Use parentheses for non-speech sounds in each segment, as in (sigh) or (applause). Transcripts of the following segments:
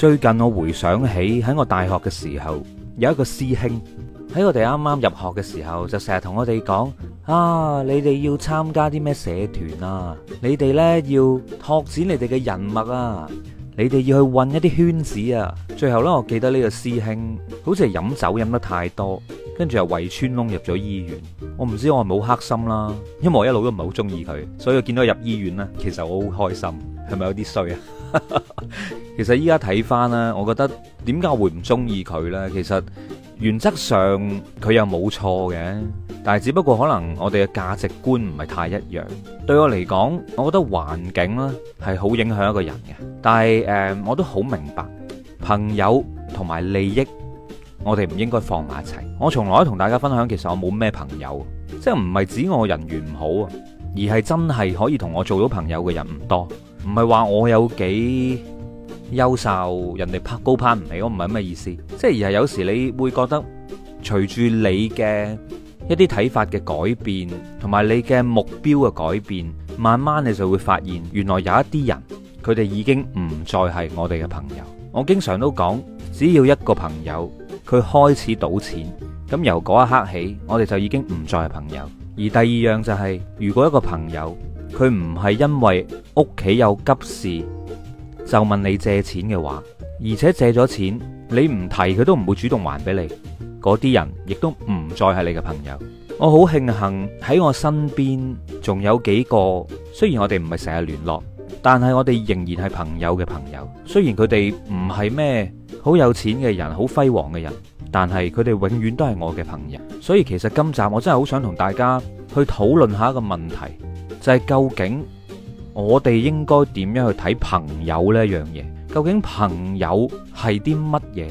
最近我回想起喺我大學嘅時候，有一個師兄喺我哋啱啱入學嘅時候就成日同我哋講啊，你哋要參加啲咩社團啊，你哋咧要拓展你哋嘅人脈啊，你哋要去混一啲圈子啊。最後咧，我記得呢個師兄好似係飲酒飲得太多，跟住又胃穿窿入咗醫院。我唔知我係冇黑心啦，因為我一路都唔係好中意佢，所以我見到佢入醫院咧，其實我好開心，係咪有啲衰啊？ (laughs) 其實依家睇翻咧，我覺得點解我會唔中意佢呢？其實原則上佢又冇錯嘅，但係只不過可能我哋嘅價值觀唔係太一樣。對我嚟講，我覺得環境咧係好影響一個人嘅。但係誒、呃，我都好明白朋友同埋利益，我哋唔應該放埋一齊。我從來同大家分享，其實我冇咩朋友，即係唔係指我人緣唔好，而係真係可以同我做到朋友嘅人唔多。唔係話我有幾優秀，人哋攀高攀唔起，我唔係乜意思。即係而係有時你會覺得，隨住你嘅一啲睇法嘅改變，同埋你嘅目標嘅改變，慢慢你就會發現，原來有一啲人佢哋已經唔再係我哋嘅朋友。我經常都講，只要一個朋友佢開始賭錢，咁由嗰一刻起，我哋就已經唔再係朋友。而第二樣就係、是，如果一個朋友，佢唔係因為屋企有急事就問你借錢嘅話，而且借咗錢你唔提，佢都唔會主動還俾你。嗰啲人亦都唔再係你嘅朋友。我好慶幸喺我身邊仲有幾個，雖然我哋唔係成日聯絡，但係我哋仍然係朋友嘅朋友。雖然佢哋唔係咩好有錢嘅人，好輝煌嘅人，但係佢哋永遠都係我嘅朋友。所以其實今集我真係好想同大家去討論下一個問題。就係究竟我哋應該點樣去睇朋友呢樣嘢？究竟朋友係啲乜嘢？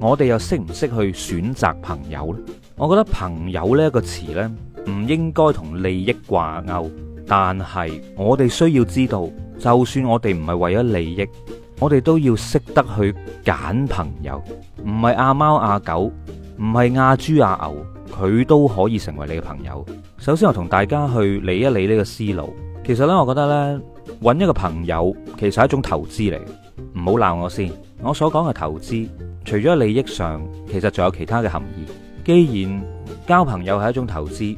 我哋又識唔識去選擇朋友咧？我覺得朋友呢個詞咧，唔應該同利益掛鈎，但係我哋需要知道，就算我哋唔係為咗利益，我哋都要識得去揀朋友，唔係阿貓阿狗。唔係阿豬阿牛，佢都可以成為你嘅朋友。首先，我同大家去理一理呢個思路。其實呢，我覺得呢，揾一個朋友其實係一種投資嚟。唔好鬧我先。我所講嘅投資，除咗利益上，其實仲有其他嘅含義。既然交朋友係一種投資，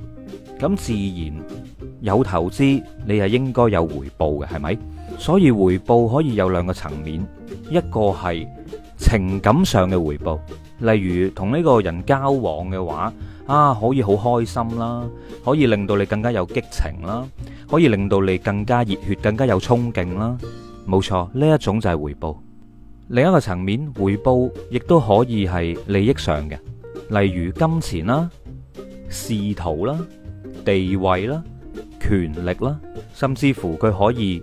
咁自然有投資，你係應該有回報嘅，係咪？所以回報可以有兩個層面，一個係情感上嘅回報。例如同呢個人交往嘅話，啊可以好開心啦，可以令到你更加有激情啦，可以令到你更加熱血、更加有衝勁啦。冇錯，呢一種就係回報。另一個層面，回報亦都可以係利益上嘅，例如金錢啦、仕途啦、地位啦、權力啦，甚至乎佢可以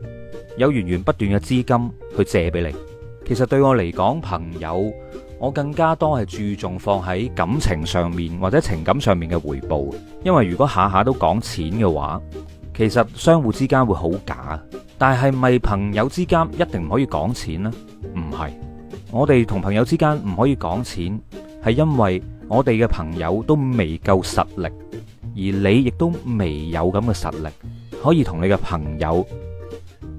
有源源不斷嘅資金去借俾你。其實對我嚟講，朋友。我更加多係注重放喺感情上面或者情感上面嘅回報，因為如果下下都講錢嘅話，其實相互之間會好假。但係咪朋友之間一定唔可以講錢呢？唔係，我哋同朋友之間唔可以講錢，係因為我哋嘅朋友都未夠實力，而你亦都未有咁嘅實力，可以同你嘅朋友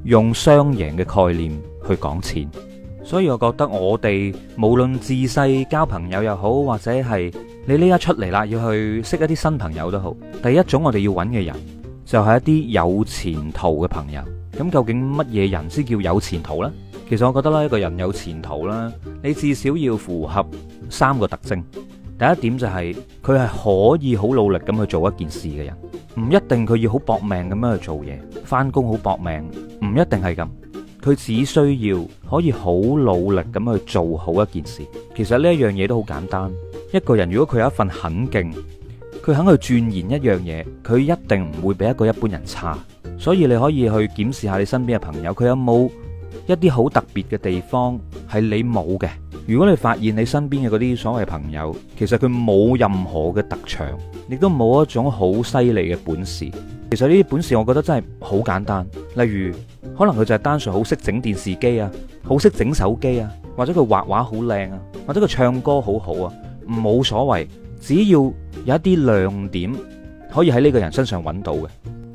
用雙贏嘅概念去講錢。所以我覺得我哋無論自細交朋友又好，或者係你呢一出嚟啦，要去識一啲新朋友都好。第一種我哋要揾嘅人，就係一啲有前途嘅朋友。咁究竟乜嘢人先叫有前途呢？其實我覺得咧，一個人有前途啦，你至少要符合三個特徵。第一點就係佢係可以好努力咁去做一件事嘅人，唔一定佢要好搏命咁樣去做嘢，翻工，好搏命，唔一定係咁。佢只需要可以好努力咁去做好一件事。其實呢一樣嘢都好簡單。一個人如果佢有一份肯勁，佢肯去鑽研一樣嘢，佢一定唔會比一個一般人差。所以你可以去檢視下你身邊嘅朋友，佢有冇一啲好特別嘅地方係你冇嘅。如果你發現你身邊嘅嗰啲所謂朋友，其實佢冇任何嘅特長，亦都冇一種好犀利嘅本事。其實呢啲本事，我覺得真係好簡單。例如，可能佢就係單純好識整電視機啊，好識整手機啊，或者佢畫畫好靚啊，或者佢唱歌好好啊，冇所謂。只要有一啲亮點可以喺呢個人身上揾到嘅，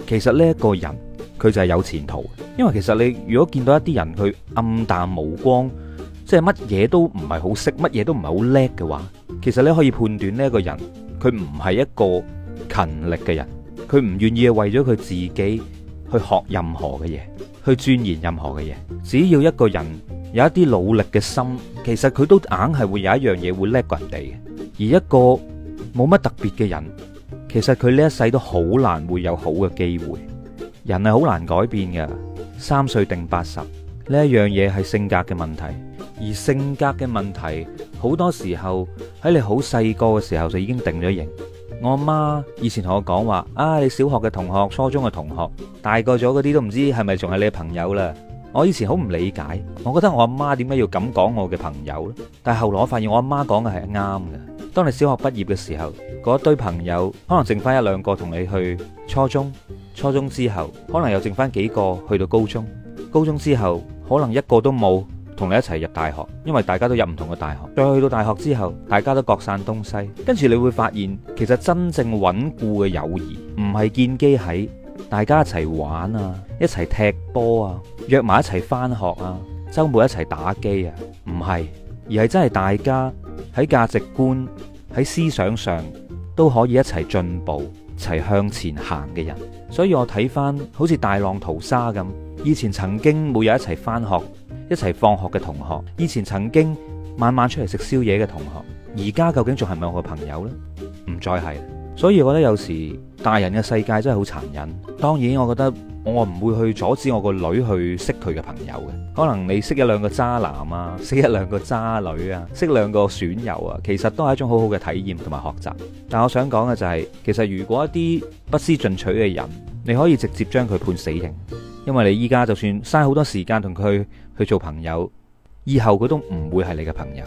其實呢一個人，佢就係有前途，因為其實你如果見到一啲人佢暗淡無光，即係乜嘢都唔係好識，乜嘢都唔係好叻嘅話，其實你可以判斷呢一個人佢唔係一個勤力嘅人，佢唔願意啊為咗佢自己去學任何嘅嘢，去鑽研任何嘅嘢。只要一個人有一啲努力嘅心，其實佢都硬係會有一樣嘢會叻過人哋嘅。而一個冇乜特別嘅人，其實佢呢一世都好難會有好嘅機會。人係好難改變嘅，三歲定八十呢一樣嘢，係性格嘅問題，而性格嘅問題好多時候喺你好細個嘅時候就已經定咗型。我媽以前同我講話：啊，你小學嘅同學、初中嘅同學，大個咗嗰啲都唔知係咪仲係你朋友啦。我以前好唔理解，我覺得我阿媽點解要咁講我嘅朋友呢？但係後嚟我發現我阿媽講嘅係啱嘅。當你小學畢業嘅時候，嗰堆朋友可能剩翻一兩個同你去初中，初中之後可能又剩翻幾個去到高中，高中之後可能一個都冇同你一齊入大學，因為大家都入唔同嘅大學。再去到大學之後，大家都各散東西，跟住你會發現，其實真正穩固嘅友誼唔係建基喺。大家一齊玩啊，一齊踢波啊，約埋一齊翻學啊，周末一齊打機啊，唔係，而係真係大家喺價值觀、喺思想上都可以一齊進步、一齊向前行嘅人。所以我睇翻好似大浪淘沙咁，以前曾經每日一齊翻學、一齊放學嘅同學，以前曾經晚晚出嚟食宵夜嘅同學，而家究竟仲係咪我嘅朋友呢？唔再係，所以我覺得有時。大人嘅世界真係好殘忍，當然我覺得我唔會去阻止我個女去識佢嘅朋友嘅。可能你識一兩個渣男啊，識一兩個渣女啊，識兩個損友啊，其實都係一種好好嘅體驗同埋學習。但我想講嘅就係，其實如果一啲不思進取嘅人，你可以直接將佢判死刑，因為你依家就算嘥好多時間同佢去做朋友，以後佢都唔會係你嘅朋友。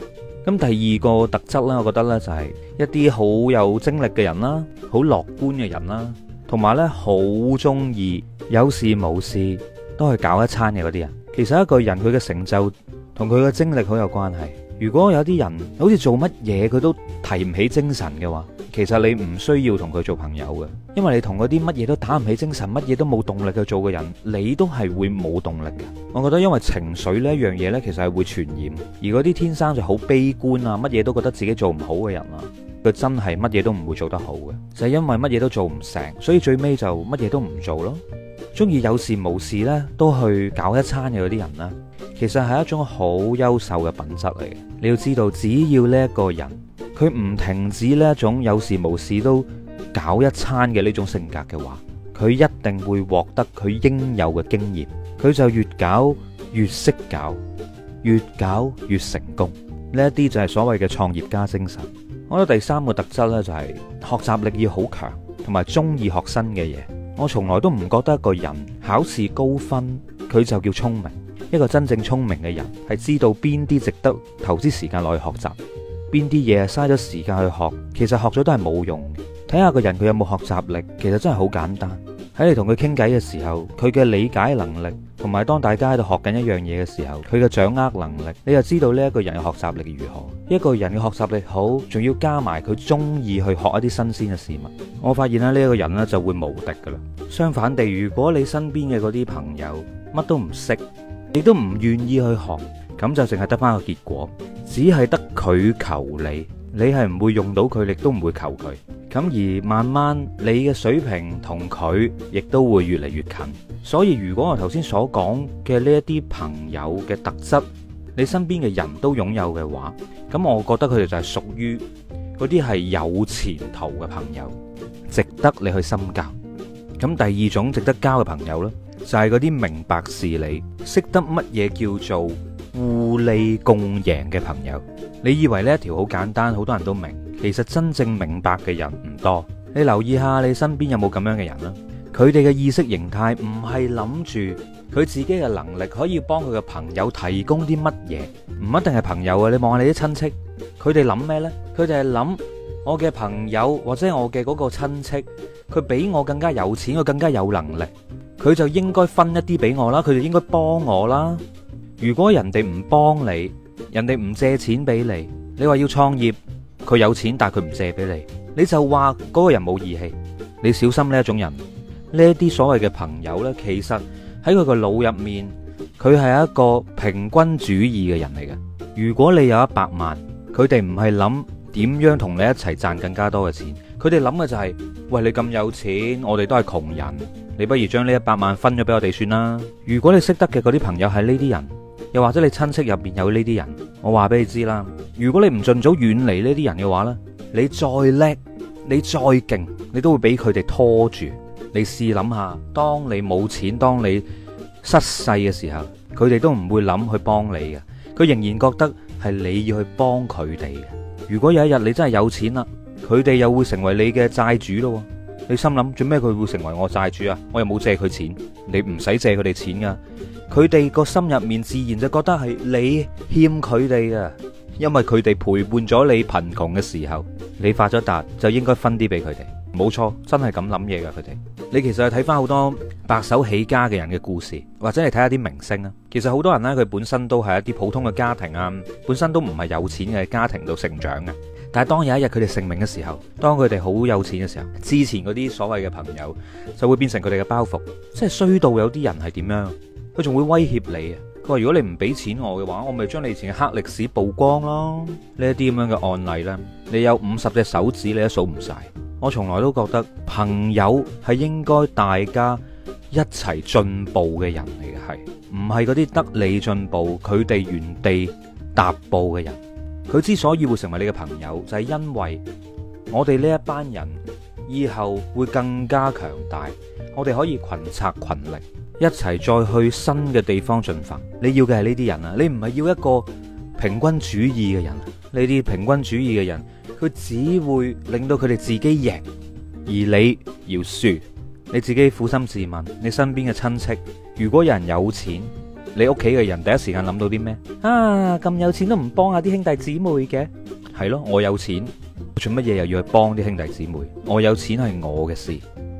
咁第二個特質呢，我覺得呢就係一啲好有精力嘅人啦，好樂觀嘅人啦，同埋呢好中意有事冇事都去搞一餐嘅嗰啲人。其實一個人佢嘅成就同佢嘅精力好有關係。如果有啲人好似做乜嘢佢都提唔起精神嘅話，其實你唔需要同佢做朋友嘅，因為你同嗰啲乜嘢都打唔起精神、乜嘢都冇動力去做嘅人，你都係會冇動力嘅。我覺得因為情緒呢一樣嘢咧，其實係會傳染。而嗰啲天生就好悲觀啊，乜嘢都覺得自己做唔好嘅人啊，佢真係乜嘢都唔會做得好嘅，就係因為乜嘢都做唔成，所以最尾就乜嘢都唔做咯。中意有事無事咧都去搞一餐嘅嗰啲人啦。其實係一種好優秀嘅品質嚟嘅，你要知道，只要呢一個人佢唔停止呢一種有事無事都搞一餐嘅呢種性格嘅話，佢一定會獲得佢應有嘅經驗，佢就越搞越識搞，越搞越成功。呢一啲就係所謂嘅創業家精神。我覺得第三個特質呢，就係學習力要好強，同埋中意學新嘅嘢。我從來都唔覺得一個人考試高分，佢就叫聰明。一個真正聰明嘅人係知道邊啲值得投資時間落去學習，邊啲嘢嘥咗時間去學，其實學咗都係冇用。睇下個人佢有冇學習力，其實真係好簡單。喺你同佢傾偈嘅時候，佢嘅理解能力，同埋當大家喺度學緊一樣嘢嘅時候，佢嘅掌握能力，你就知道呢一個人嘅學習力如何。一個人嘅學習力好，仲要加埋佢中意去學一啲新鮮嘅事物，我發現呢一個人咧就會無敵噶啦。相反地，如果你身邊嘅嗰啲朋友乜都唔識。你都唔願意去學，咁就淨係得翻個結果，只係得佢求你，你係唔會用到佢，亦都唔會求佢。咁而慢慢你嘅水平同佢亦都會越嚟越近。所以如果我頭先所講嘅呢一啲朋友嘅特質，你身邊嘅人都擁有嘅話，咁我覺得佢哋就係屬於嗰啲係有前途嘅朋友，值得你去深交。咁第二種值得交嘅朋友呢？就係嗰啲明白事理，識得乜嘢叫做互利共贏嘅朋友。你以為呢一條好簡單，好多人都明，其實真正明白嘅人唔多。你留意下你身邊有冇咁樣嘅人啦。佢哋嘅意識形態唔係諗住佢自己嘅能力可以幫佢嘅朋友提供啲乜嘢，唔一定係朋友啊。你望下你啲親戚，佢哋諗咩呢？佢哋係諗。我嘅朋友或者我嘅嗰個親戚，佢比我更加有錢，佢更加有能力，佢就應該分一啲俾我啦，佢就應該幫我啦。如果人哋唔幫你，人哋唔借錢俾你，你話要創業，佢有錢但係佢唔借俾你，你就話嗰個人冇義氣。你小心呢一種人，呢一啲所謂嘅朋友咧，其實喺佢個腦入面，佢係一個平均主義嘅人嚟嘅。如果你有一百萬，佢哋唔係諗。點樣同你一齊賺更加多嘅錢？佢哋諗嘅就係，喂，你咁有錢，我哋都係窮人，你不如將呢一百萬分咗俾我哋算啦。如果你識得嘅嗰啲朋友係呢啲人，又或者你親戚入邊有呢啲人，我話俾你知啦。如果你唔盡早遠離呢啲人嘅話呢，你再叻，你再勁，你都會俾佢哋拖住。你試諗下，當你冇錢，當你失勢嘅時候，佢哋都唔會諗去幫你嘅，佢仍然覺得係你要去幫佢哋。如果有一日你真係有錢啦，佢哋又會成為你嘅債主咯。你心諗做咩？佢會成為我債主啊？我又冇借佢錢，你唔使借佢哋錢噶。佢哋個心入面自然就覺得係你欠佢哋啊，因為佢哋陪伴咗你貧窮嘅時候，你發咗達就應該分啲俾佢哋。冇錯，真係咁諗嘢噶，佢哋。你其實係睇翻好多白手起家嘅人嘅故事，或者係睇下啲明星啊。其實好多人呢，佢本身都係一啲普通嘅家庭啊，本身都唔係有錢嘅家庭度成長嘅。但係當有一日佢哋成名嘅時候，當佢哋好有錢嘅時候，之前嗰啲所謂嘅朋友就會變成佢哋嘅包袱。即係衰到有啲人係點樣？佢仲會威脅你啊！佢話如果你唔俾錢我嘅話，我咪將你以前嘅黑歷史曝光咯。呢一啲咁樣嘅案例咧，你有五十隻手指你都數唔晒。我從來都覺得朋友係應該大家一齊進步嘅人嚟嘅。係唔係嗰啲得你進步，佢哋原地踏步嘅人？佢之所以會成為你嘅朋友，就係因為我哋呢一班人以後會更加強大，我哋可以群策群力，一齊再去新嘅地方進發。你要嘅係呢啲人啊，你唔係要一個平均主義嘅人，呢啲平均主義嘅人。佢只會令到佢哋自己贏，而你要輸。你自己苦心自問，你身邊嘅親戚，如果有人有錢，你屋企嘅人第一時間諗到啲咩？啊，咁有錢都唔幫下啲兄弟姊妹嘅？係咯，我有錢做乜嘢又要去幫啲兄弟姊妹？我有錢係我嘅事，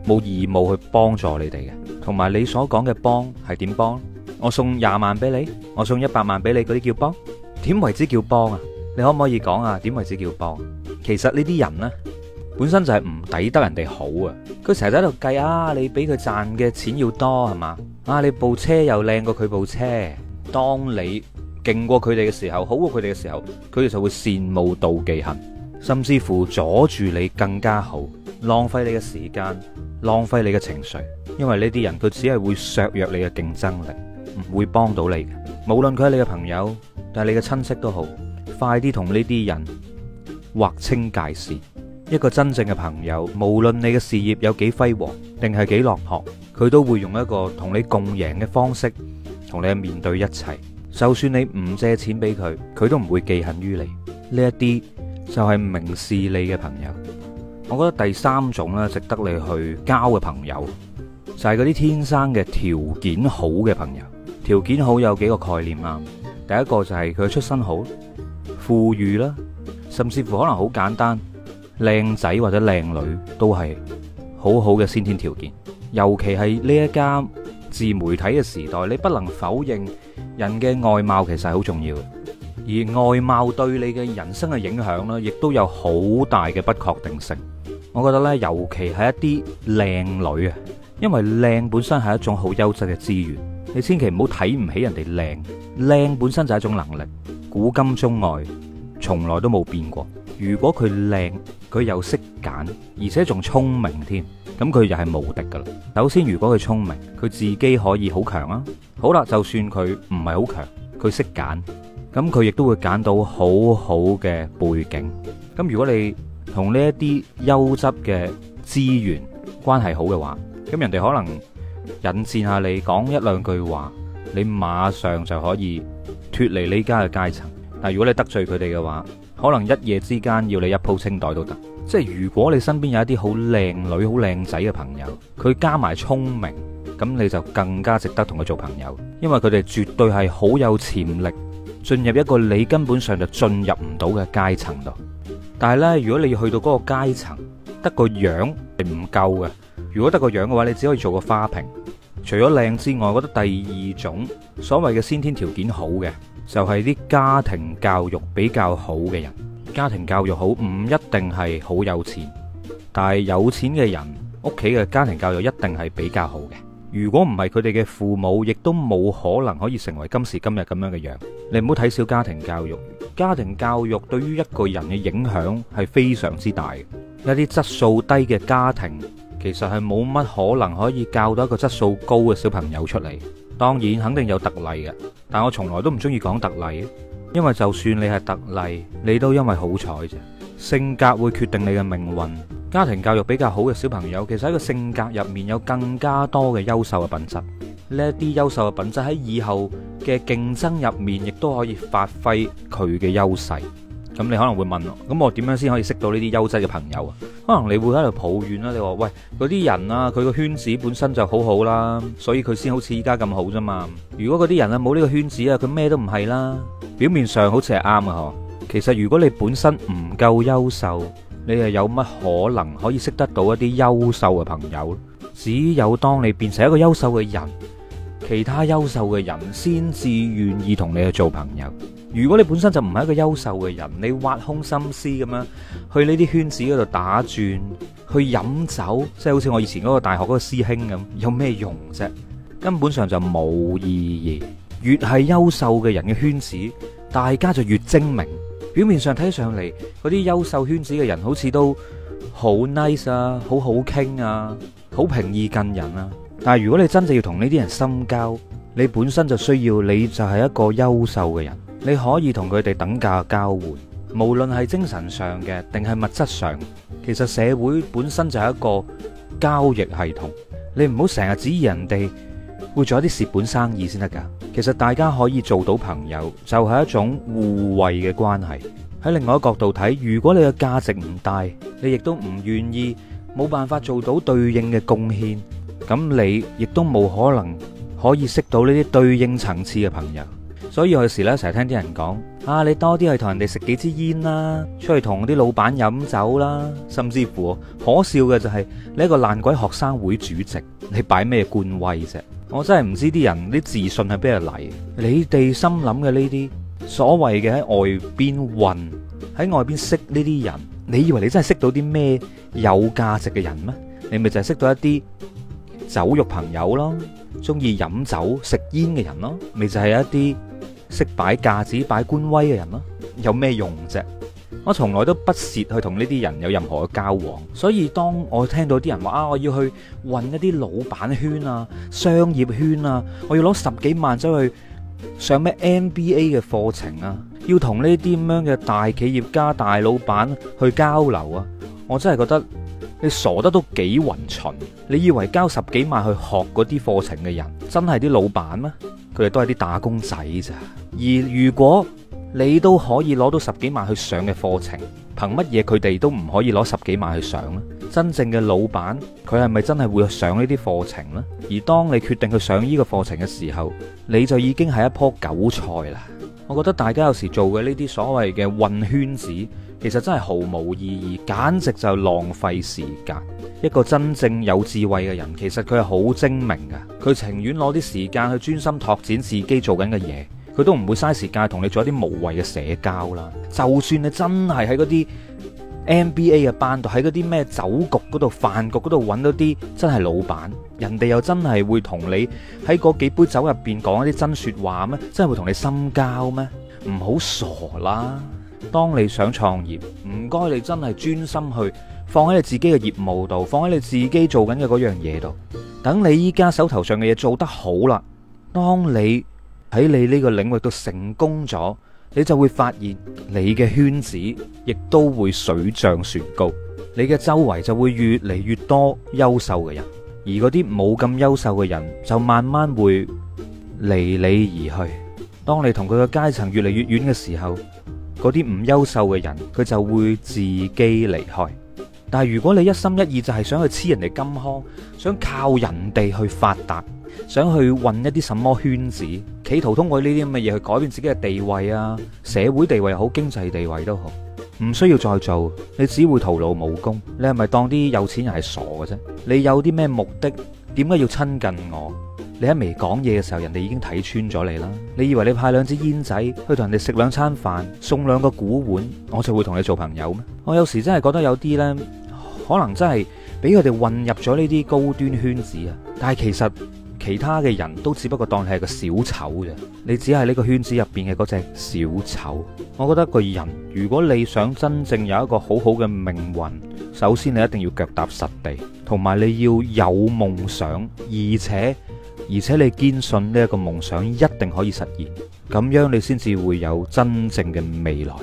冇義務去幫助你哋嘅。同埋你所講嘅幫係點幫？我送廿萬俾你，我送一百萬俾你，嗰啲叫幫？點為之叫幫啊？你可唔可以講啊？點為止叫幫？其實呢啲人呢，本身就係唔抵得人哋好啊。佢成日喺度計啊，你俾佢賺嘅錢要多係嘛？啊，你部車又靚過佢部車。當你勁過佢哋嘅時候，好過佢哋嘅時候，佢哋就會羨慕妒忌恨，甚至乎阻住你更加好，浪費你嘅時間，浪費你嘅情緒。因為呢啲人佢只係會削弱你嘅競爭力，唔會幫到你嘅。無論佢係你嘅朋友，定係你嘅親戚都好。快啲同呢啲人劃清界線。一個真正嘅朋友，無論你嘅事業有幾輝煌，定係幾落魄，佢都會用一個同你共贏嘅方式同你面對一切。就算你唔借錢俾佢，佢都唔會記恨於你。呢一啲就係明事理嘅朋友。我覺得第三種咧，值得你去交嘅朋友，就係嗰啲天生嘅條件好嘅朋友。條件好有幾個概念啊？第一個就係佢出身好。富裕啦，甚至乎可能好簡單，靚仔或者靚女都係好好嘅先天條件。尤其係呢一家自媒體嘅時代，你不能否認人嘅外貌其實係好重要嘅。而外貌對你嘅人生嘅影響咧，亦都有好大嘅不確定性。我覺得咧，尤其係一啲靚女啊，因為靚本身係一種好優質嘅資源，你千祈唔好睇唔起人哋靚。靚本身就係一種能力。古今中外，從來都冇變過。如果佢靚，佢又識揀，而且仲聰明添，咁佢又係無敵噶啦。首先，如果佢聰明，佢自己可以好強啊。好啦，就算佢唔係好強，佢識揀，咁佢亦都會揀到好好嘅背景。咁如果你同呢一啲優質嘅資源關係好嘅話，咁人哋可能引薦下你，講一兩句話，你馬上就可以。脫離你家嘅階層，但係如果你得罪佢哋嘅話，可能一夜之間要你一鋪清袋都得。即係如果你身邊有一啲好靚女、好靚仔嘅朋友，佢加埋聰明，咁你就更加值得同佢做朋友，因為佢哋絕對係好有潛力進入一個你根本上就進入唔到嘅階層度。但係呢，如果你去到嗰個階層，得個樣係唔夠嘅，如果得個樣嘅話，你只可以做個花瓶。除咗靚之外，我覺得第二種所謂嘅先天條件好嘅，就係啲家庭教育比較好嘅人。家庭教育好唔一定係好有錢，但係有錢嘅人屋企嘅家庭教育一定係比較好嘅。如果唔係佢哋嘅父母，亦都冇可能可以成為今時今日咁樣嘅樣。你唔好睇小家庭教育，家庭教育對於一個人嘅影響係非常之大。一啲質素低嘅家庭。其實係冇乜可能可以教到一個質素高嘅小朋友出嚟，當然肯定有特例嘅，但我從來都唔中意講特例，因為就算你係特例，你都因為好彩啫。性格會決定你嘅命運，家庭教育比較好嘅小朋友，其實喺個性格入面有更加多嘅優秀嘅品質，呢啲優秀嘅品質喺以後嘅競爭入面，亦都可以發揮佢嘅優勢。咁你可能會問咯，咁我點樣先可以識到呢啲優質嘅朋友啊？可能你會喺度抱怨啦，你話喂嗰啲人啦、啊，佢個圈子本身就好好啦，所以佢先好似依家咁好啫嘛。如果嗰啲人啊冇呢個圈子啊，佢咩都唔係啦。表面上好似係啱嘅嗬，其實如果你本身唔夠優秀，你又有乜可能可以識得到一啲優秀嘅朋友？只有當你變成一個優秀嘅人。其他優秀嘅人先至願意同你去做朋友。如果你本身就唔係一個優秀嘅人，你挖空心思咁樣去呢啲圈子嗰度打轉，去飲酒，即係好似我以前嗰個大學嗰個師兄咁，有咩用啫？根本上就冇意義。越係優秀嘅人嘅圈子，大家就越精明。表面上睇上嚟，嗰啲優秀圈子嘅人好似都好 nice 啊，好好傾啊，好平易近人啊。但係，如果你真正要同呢啲人深交，你本身就需要，你就係一個優秀嘅人，你可以同佢哋等價交換，無論係精神上嘅定係物質上。其實社會本身就係一個交易系統，你唔好成日指意人哋會做一啲蝕本生意先得噶。其實大家可以做到朋友，就係一種互惠嘅關係。喺另外一個角度睇，如果你嘅價值唔大，你亦都唔願意冇辦法做到對應嘅貢獻。咁你亦都冇可能可以識到呢啲對應層次嘅朋友，所以有時咧，成日聽啲人講啊，你多啲去同人哋食幾支煙啦，出去同啲老闆飲酒啦，甚至乎可笑嘅就係，你一個爛鬼學生會主席，你擺咩官威啫？我真係唔知啲人啲自信喺邊度嚟。你哋心諗嘅呢啲所謂嘅喺外邊混喺外邊識呢啲人，你以為你真係識到啲咩有價值嘅人咩？你咪就係識到一啲。酒肉朋友咯，中意飲酒食煙嘅人咯，咪就係一啲識擺架子、擺官威嘅人咯，有咩用啫？我從來都不屑去同呢啲人有任何嘅交往。所以當我聽到啲人話啊，我要去混一啲老闆圈啊、商業圈啊，我要攞十幾萬走去上咩 NBA 嘅課程啊，要同呢啲咁樣嘅大企業家、大老闆去交流啊，我真係覺得。你傻得都幾勻循？你以為交十幾萬去學嗰啲課程嘅人，真係啲老闆咩？佢哋都係啲打工仔咋。而如果你都可以攞到十幾萬去上嘅課程，憑乜嘢佢哋都唔可以攞十幾萬去上呢？真正嘅老闆，佢係咪真係會去上呢啲課程呢？而當你決定去上呢個課程嘅時候，你就已經係一樖韭菜啦。我覺得大家有時做嘅呢啲所謂嘅混圈子。其實真係毫無意義，簡直就係浪費時間。一個真正有智慧嘅人，其實佢係好精明㗎，佢情願攞啲時間去專心拓展自己做緊嘅嘢，佢都唔會嘥時間同你做一啲無謂嘅社交啦。就算你真係喺嗰啲 MBA 嘅班度，喺嗰啲咩酒局嗰度、飯局嗰度揾到啲真係老闆，人哋又真係會同你喺嗰幾杯酒入邊講一啲真說話咩？真係會同你深交咩？唔好傻啦！當你想創業，唔該，你真係專心去放喺你自己嘅業務度，放喺你自己做緊嘅嗰樣嘢度。等你依家手頭上嘅嘢做得好啦，當你喺你呢個領域度成功咗，你就會發現你嘅圈子亦都會水漲船高，你嘅周圍就會越嚟越多優秀嘅人，而嗰啲冇咁優秀嘅人就慢慢會離你而去。當你同佢個階層越嚟越遠嘅時候。嗰啲唔優秀嘅人，佢就會自己離開。但係如果你一心一意就係想去黐人哋金康，想靠人哋去發達，想去混一啲什麼圈子，企圖通過呢啲咁嘅嘢去改變自己嘅地位啊，社會地位好，經濟地位都好，唔需要再做，你只會徒勞無功。你係咪當啲有錢人係傻嘅啫？你有啲咩目的？點解要親近我？你喺未講嘢嘅時候，人哋已經睇穿咗你啦。你以為你派兩支煙仔去同人哋食兩餐飯，送兩個古碗，我就會同你做朋友咩？我有時真係覺得有啲呢，可能真係俾佢哋混入咗呢啲高端圈子啊。但係其實其他嘅人都只不過當你係個小丑咋。你只係呢個圈子入邊嘅嗰隻小丑。我覺得個人如果你想真正有一個好好嘅命運，首先你一定要腳踏實地，同埋你要有夢想，而且，而且你堅信呢一個夢想一定可以實現，咁樣你先至會有真正嘅未來。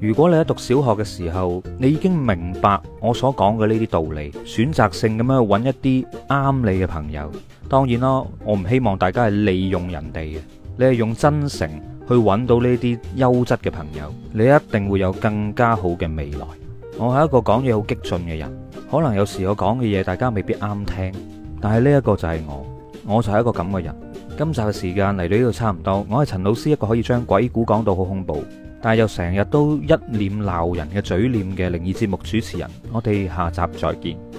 如果你喺讀小學嘅時候，你已經明白我所講嘅呢啲道理，選擇性咁樣去揾一啲啱你嘅朋友。當然啦，我唔希望大家係利用人哋嘅，你係用真誠去揾到呢啲優質嘅朋友，你一定會有更加好嘅未來。我係一個講嘢好激進嘅人，可能有時我講嘅嘢大家未必啱聽，但係呢一個就係我。我就係一個咁嘅人。今集嘅時間嚟到呢度差唔多，我係陳老師，一個可以將鬼故講到好恐怖，但係又成日都一臉鬧人嘅嘴臉嘅靈異節目主持人。我哋下集再見。